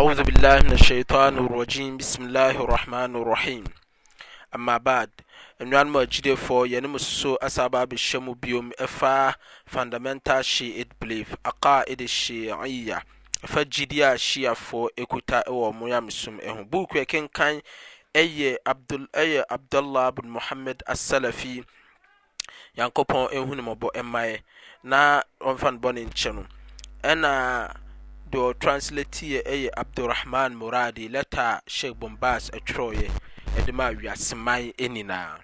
arosubillah min aitan ragim bsmilah rohman rahim amabad nnuano ma agyidefo yɛnom sso asababhyɛ mu biom ɛfa fundamental sheit blife aqaid shiria ɛfa gyidi a syiafoɔ kuta ɛwɔ moyamsom hu buuku akenkan yɛ abdllah bn mohamad assalafi yankopɔn hu ne mbɔ ɛmaɛ na ɔmfa no bɔne nkyɛ noɛn deɛ ɔtranslate yɛ ɛyɛ eh, abdurahman Muradi leta a sheikh bombas ɛtwerɛeɛ eh, ɛde ma awiaseman nyinaa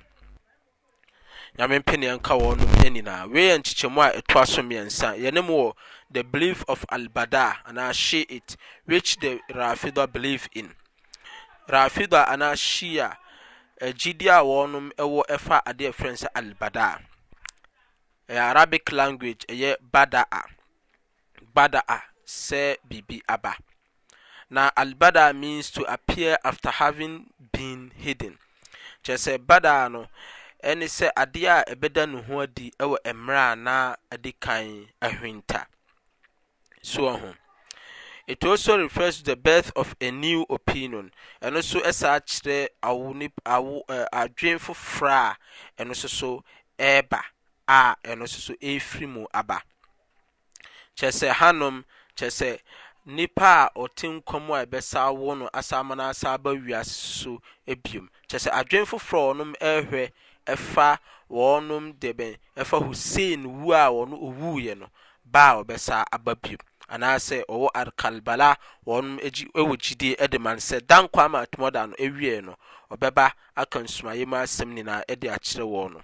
nyame mpene nka wɔn nyinaa wei yɛ nkyekyɛmu a ɛtoa so mmiɛnsa yɛne mu wɔ the belief of albada anaa it which the rafida believe in rafida anaa shia agyidi eh, a wɔnom ɛwɔ ɛfa adeɛ frɛ sɛ albada ɛyɛ arabic language ɛyɛ bada'a bada'a sɛ biribi aba na albadaa means to appear after having been hidden kyeɛsɛ badhaa no ɛne sɛ adeɛ a ɛbɛda ne ho adi ɛwɔ mmerɛ ana adi kan ahwinta so aho it also refers to the birth of a new opinion ɛno so saa kyerɛ adwen foforɔ a ɛno soso ɛba a ɛno soso firi mu aba kyeɛsɛ hanom kyɛ sɛ nipa a ɔte nkɔm a ɛbɛsa wo no asama na asa aba wiase so ebiom kyɛ sɛ adwen foforɔ ɔnom ɛrehwɛ ɛfa wɔnom de bɛn ɛfa hussein wu a wɔn owuiɛ no ba a ɔbɛsa aba biom anaasɛ ɔwɔ alkalbala wɔn egyi ɛwɔ gyidie ɛde ma sɛ dan kwan ma atomɔda no ewie no ɔbɛba aka nsumayi mu asɛm nyinaa ɛde akyerɛ wɔn no.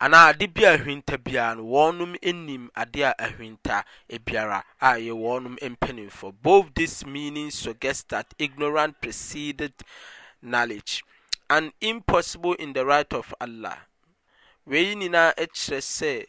anaa ade bia ahwinta biara no wɔnom nim ade a ahwinta biara a yɛwɔnom mpanim fo both this meaning so guest that ignorant preceded knowledge an impossible in the right of allah wei nyinaa kyerɛ sɛ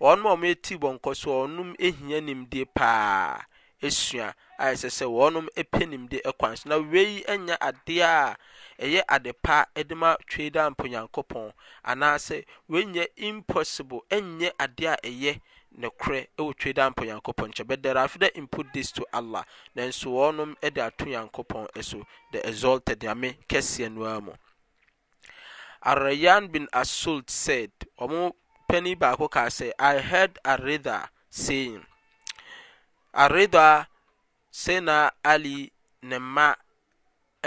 wɔnom a ɔma atii bɔnkɔ so wɔnom hia nimdeɛ paa sua aɛsɛ sɛ wɔnom pɛnimde kwa n so na wei yɛ adeɛ a ɛyɛ ade pa de matwei de ampo nyankopɔn anaasɛ wnyɛ impossible nyɛ adeɛa ynekor wɔtwei de ampnyankpɔn nkyɛbɛdarɛafdɛ imputthis to allah nanso wɔnom de ato nyankopɔn so de exalted amekɛsiano aamu arayan bin assult said ɔmo pani baako kasɛ i head arithe sinr sayyidina ali ne mma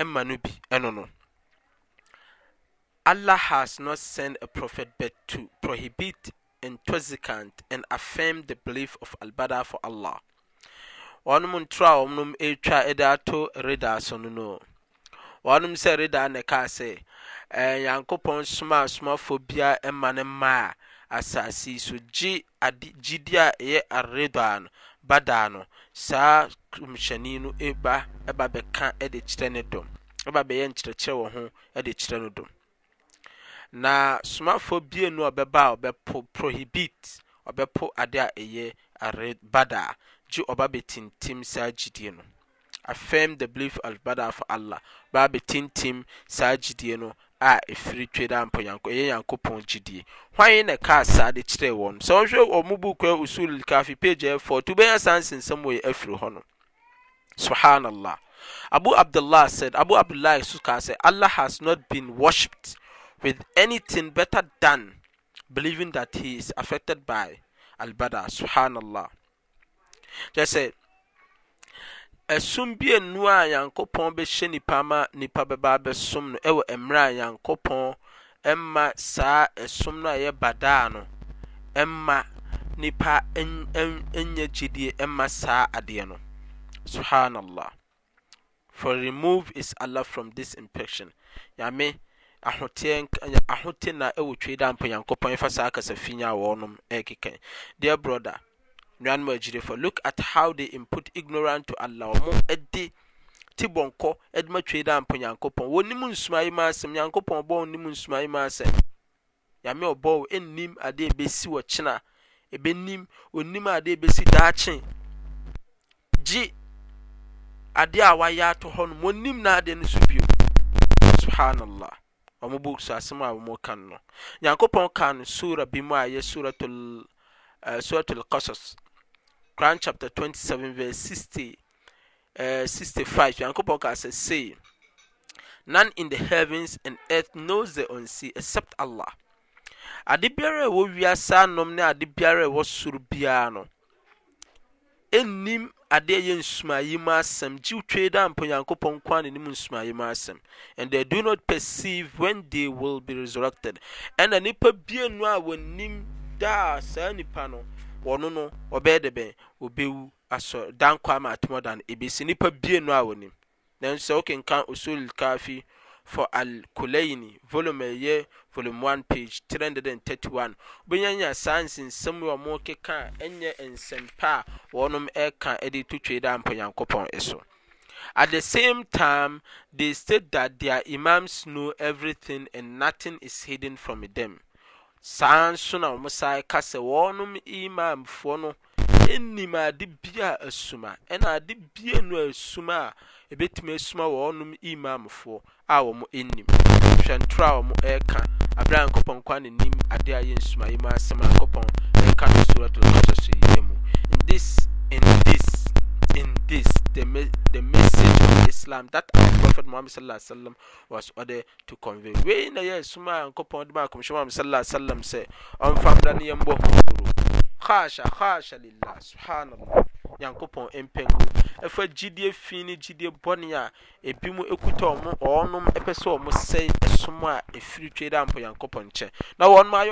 mma no bi ɛno no allah has not sent a prophet but to prohibit intoxicant and affirm the belief of albada for allah wɔnom ntoro a wɔnom ɛretwa ɛde ato reda so no no wɔnom sɛ reda na ɛka sɛ ɛɛ nyankopɔn soma asomafoɔ bia ɛma ne mmaa asase so gye gyidi a ɛyɛ areda no badaa no saa nkɔmhyɛni no ba ba bɛka de kyerɛ ne dɔm ba bɛyɛ nkyerɛkyerɛ wɔ ho de kyerɛ no dɔm na somafoɔ bienu a ɔbɛba a ɔbɛpo prohibit ɔbɛpo ade a ɛyɛ are badaa gye ɔba bɛtintim saa gyidie no affirm the belief of badaa for allah ɔba bɛtintim saa gyidie no a ɛfiri twe da mpa yanko ɛyɛ nyankopɔn gyidie hwan na kaa saa de kyerɛ wɔn sɛ wohwɛ wɔn mu buku usul kafi page ɛfɔ to bɛyɛ saa wɔ yɛ afiri hɔ no subhanallah abu abdullah said abu abdullah so kaa sɛ allah has not been worshipped with anything better than believing that he is affected by al subhanallah kyerɛ sɛ ɛsom bi nnuu a nyankopɔn bɛhyɛ nipa ama nipa bɛba abɛsom no ɛwɔ mmerɛ a nyankopɔn ɛmma saa ɛsom no a ɛyɛ badaa no ɛmma nipa ɛnyɛ gyidie ɛmma saa adeɛ no subhanallah for remove is allah from this infection yame ahoteɛ ahote na ɛwɔ twe da mpo nyankopɔn ɛfa saa kasafi nya wɔnom dear brother nnuanom agyirefo look at how they input ignorant to allah wɔn de ti bɔnkɔ de ma twɛ dɛ ampo nyankopɔn wɔnim nsumayi ma asɛm nyankopɔn bɔ wɔnim nsumayi ma asɛm nyame ɔbɔ wɔ nnim adeɛ ebesi wɔ kyena ebenim onim adeɛ ebesi daakye gye adeɛ a wayɛ ato hɔ no wɔnim na adeɛ no so bio subhanallah wɔn books asɛm a wɔn kan no nyankopɔn kan no sura bi mu a ɛyɛ suratul uh, al qasas quran chapter 27 verse 60 uh, 65 yankopɔn ka none in the heavens and earth knows the unseen except allah ade biara a ɛwɔ wiase anom ne ade biara a ɛwɔ soro biara no ɛnnim adeɛ yɛ nsumayi mu asɛm gye twei da mpo nyankopɔn kwa ne nim nsumayi mu asɛm and they do not perceive when they will be resurrected ɛna nipa bienu a wɔnim da saa nipa no wɔno no ɔbɛyɛ de bɛn ɔbɛwu asɔ dan kɔ ama atɔmɔdan ebesi nipa bie no a wɔnim nanso ɔkenkan usul kafi for al volume ɛyɛ volume one page three hundred and thirty-one bonyanya saa nsensɛm a wɔn keka ɛnyɛ nsɛmpa a wɔn ɛka ɛde to twɛ da mpɔnyankopɔn so. At the same time, they state that their imams know everything and nothing is hidden from them saa nso na wɔn san ka sɛ wɔn imamfoɔ no nnim ade bi a asuma ɛna ade bi enu asuma a ebetumi asuma wɔn imamfoɔ a wɔn nnim hwɛntoro a wɔn ɛreka abira nkɔpɔn kwan ne nim ade a yɛ yi mu asɛm a nkɔpɔn ɛreka no soro to lɔtɔ so yi mu in this in this in this the the islam that our prophet muhammad sallallahu alaihi wasallam was ordered to convey wei na yɛ suma a nkɔpɔn de ma akɔmhyɛ muhammad sallallahu alaihi wasallam sɛ ɔmfa mmra ne yɛmbɔ horo khaasha khaasha lillah subhanallah nyankopɔn mpɛngu ɛfa gyidie fi ne gyidie bɔne a ebi mu ekuta ɔmo ɔnom ɛpɛ sɛ ɔmo sɛe ɛsom a efiri twɛ dɛ ampɔ nyankopɔn nkyɛn na wɔn ayɛ